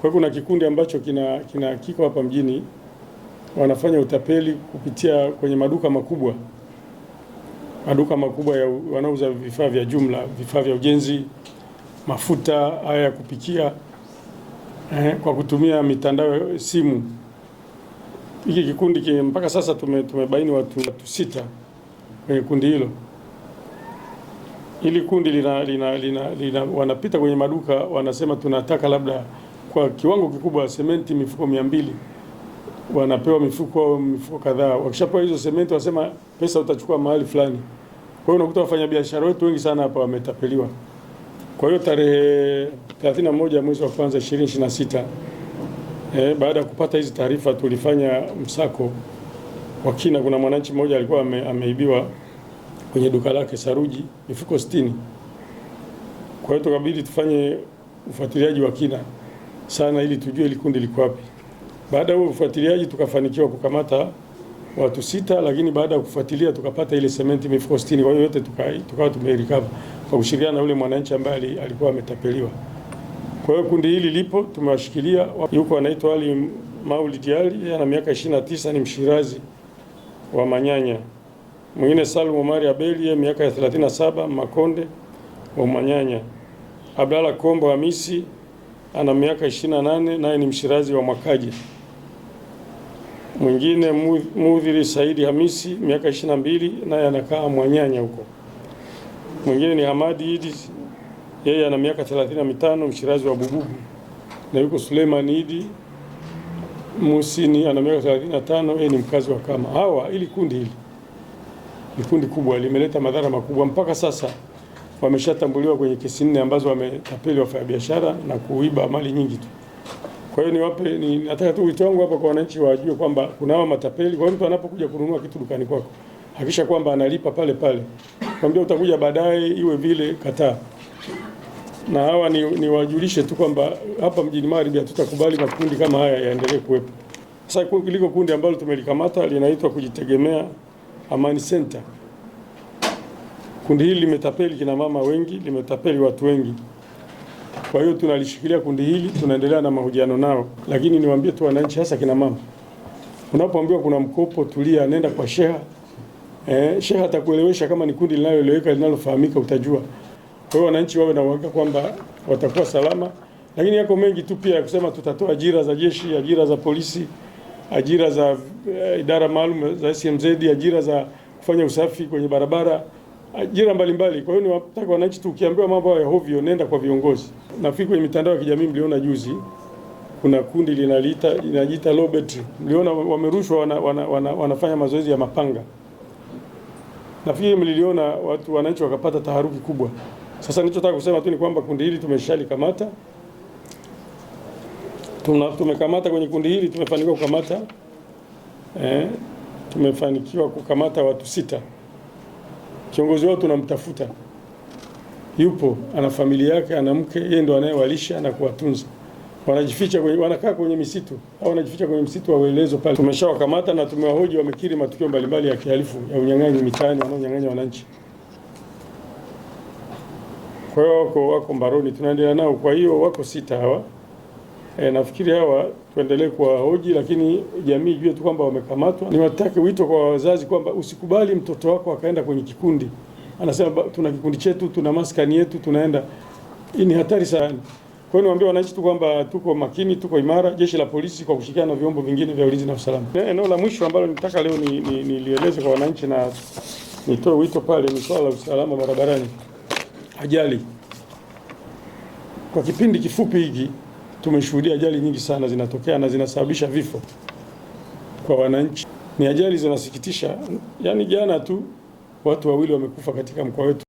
Kwa hiyo kuna kikundi ambacho kina, kina kiko hapa mjini wanafanya utapeli kupitia kwenye maduka makubwa, maduka makubwa ya wanauza vifaa vya jumla, vifaa vya ujenzi, mafuta haya ya kupikia eh, kwa kutumia mitandao simu. Hiki kikundi ki, mpaka sasa tume, tumebaini watu, watu sita kwenye kundi hilo. Hili kundi lina, lina, lina, lina wanapita kwenye maduka wanasema tunataka labda kwa kiwango kikubwa sementi, mifuko mia mbili wanapewa mifuko au mifuko kadhaa. Wakishapewa hizo sementi, wasema pesa utachukua mahali fulani. Kwa hiyo unakuta wafanyabiashara wetu wengi sana hapa wametapeliwa. Kwa hiyo tarehe 31 mwezi wa kwanza 2026 eh, baada ya kupata hizi taarifa tulifanya msako wa kina. Kuna mwananchi mmoja alikuwa ame, ameibiwa kwenye duka lake saruji mifuko 60. Kwa hiyo tukabidi tufanye ufuatiliaji wa kina sana ili tujue ili kundi liko wapi. Baada ya ufuatiliaji tukafanikiwa kukamata watu sita, lakini baada ya kufuatilia tukapata ile sementi mifuko sitini. Kwa hiyo yote tukai tukawa tuka kwa kushirikiana na yule mwananchi ambaye alikuwa ametapeliwa. Kwa hiyo kundi hili lipo, tumewashikilia. Yuko anaitwa Ali Maulid Ali, ana miaka 29, ni mshirazi wa Manyanya. Mwingine Salum Omari Abeli, miaka 37, Makonde wa Manyanya. Abdalla Kombo Hamisi ana miaka 28 naye ni mshirazi wa Mwakaje. Mwingine Mudhiri Saidi Hamisi miaka 22 naye anakaa Mwanyanya huko. Mwingine ni Hamadi Idi, yeye ana miaka 35 mshirazi wa Bububu, na yuko Suleiman Idi Musini ana miaka 35 yeye ni mkazi wa Kama. Hawa ili kundi hili ni kundi kubwa, limeleta madhara makubwa mpaka sasa wameshatambuliwa kwenye kesi nne ambazo wametapeli wafanyabiashara na kuiba mali nyingi tu. Kwa hiyo niwape ni, nataka tu wito wangu hapa kwa wananchi wajue kwamba kuna hawa matapeli. Kwa mtu anapokuja kununua kitu dukani kwako, hakisha kwamba analipa pale pale, kwambia utakuja baadaye, iwe vile, kataa. Na hawa ni, ni wajulishe tu kwamba hapa mjini Magharibi hatutakubali makundi kama haya yaendelee kuwepo. Sasa kuliko kundi ambalo tumelikamata linaitwa Kujitegemea Amani Center. Kundi hili limetapeli kina mama wengi, limetapeli watu wengi. Kwa hiyo tunalishikilia kundi hili, tunaendelea na mahojiano nao, lakini niwaambie tu wananchi, hasa kina mama, unapoambiwa kuna mkopo, tulia, nenda kwa sheha. Eh, sheha atakuelewesha kama ni kundi linaloeleweka linalofahamika, utajua. Kwa hiyo wananchi wawe na uhakika kwamba watakuwa salama, lakini yako mengi tu pia ya kusema, tutatoa ajira za jeshi, ajira za polisi, ajira za eh, idara maalum za SMZ, ajira za kufanya usafi kwenye barabara ajira mbalimbali. Kwa hiyo niwataka wananchi tu, ukiambiwa mambo ya hovyo nenda kwa viongozi. Nafikiri kwenye mitandao ya kijamii mliona juzi kuna kundi linaliita linajiita Lobet, mliona wamerushwa, wana, wana, wana, wanafanya mazoezi ya mapanga. Nafikiri mliliona watu, wananchi wakapata taharuki kubwa. Sasa nilichotaka kusema tu ni kwamba kundi hili tumeshalikamata, tumekamata kwenye kundi hili tumefanikiwa kukamata eh, tumefanikiwa kukamata watu sita. Kiongozi wao tunamtafuta, yupo, ana familia yake, ana mke, yeye ndo anayewalisha na kuwatunza. Wanajificha kwenye, wanakaa kwenye misitu au wanajificha kwenye msitu wa Welezo pale. Tumeshawakamata na tumewahoji, wamekiri matukio mbalimbali ya kihalifu ya unyang'anyi mitaani, wanaonyang'anya wananchi. Kwa hiyo wako wako mbaroni, tunaendelea nao. Kwa hiyo wako sita hawa E, nafikiri hawa tuendelee kwa hoji, lakini jamii ijue tu kwamba wamekamatwa. Niwatake wito kwa wazazi kwamba usikubali mtoto wako akaenda kwenye kikundi, anasema tuna kikundi chetu, tuna maskani yetu, tunaenda. Hii ni hatari sana. Kwa hiyo niwaambie wananchi tu kwamba tuko makini, tuko imara, jeshi la polisi kwa kushirikiana na vyombo vingine vya ulinzi na usalama. Eh, eneo la mwisho ambalo nitaka leo nilieleze ni, ni kwa wananchi na nitoe wito pale ni swala la usalama barabarani, ajali. Kwa kipindi kifupi hiki tumeshuhudia ajali nyingi sana zinatokea na zinasababisha vifo kwa wananchi. Ni ajali zinasikitisha, yaani jana tu watu wawili wamekufa katika mkoa wetu.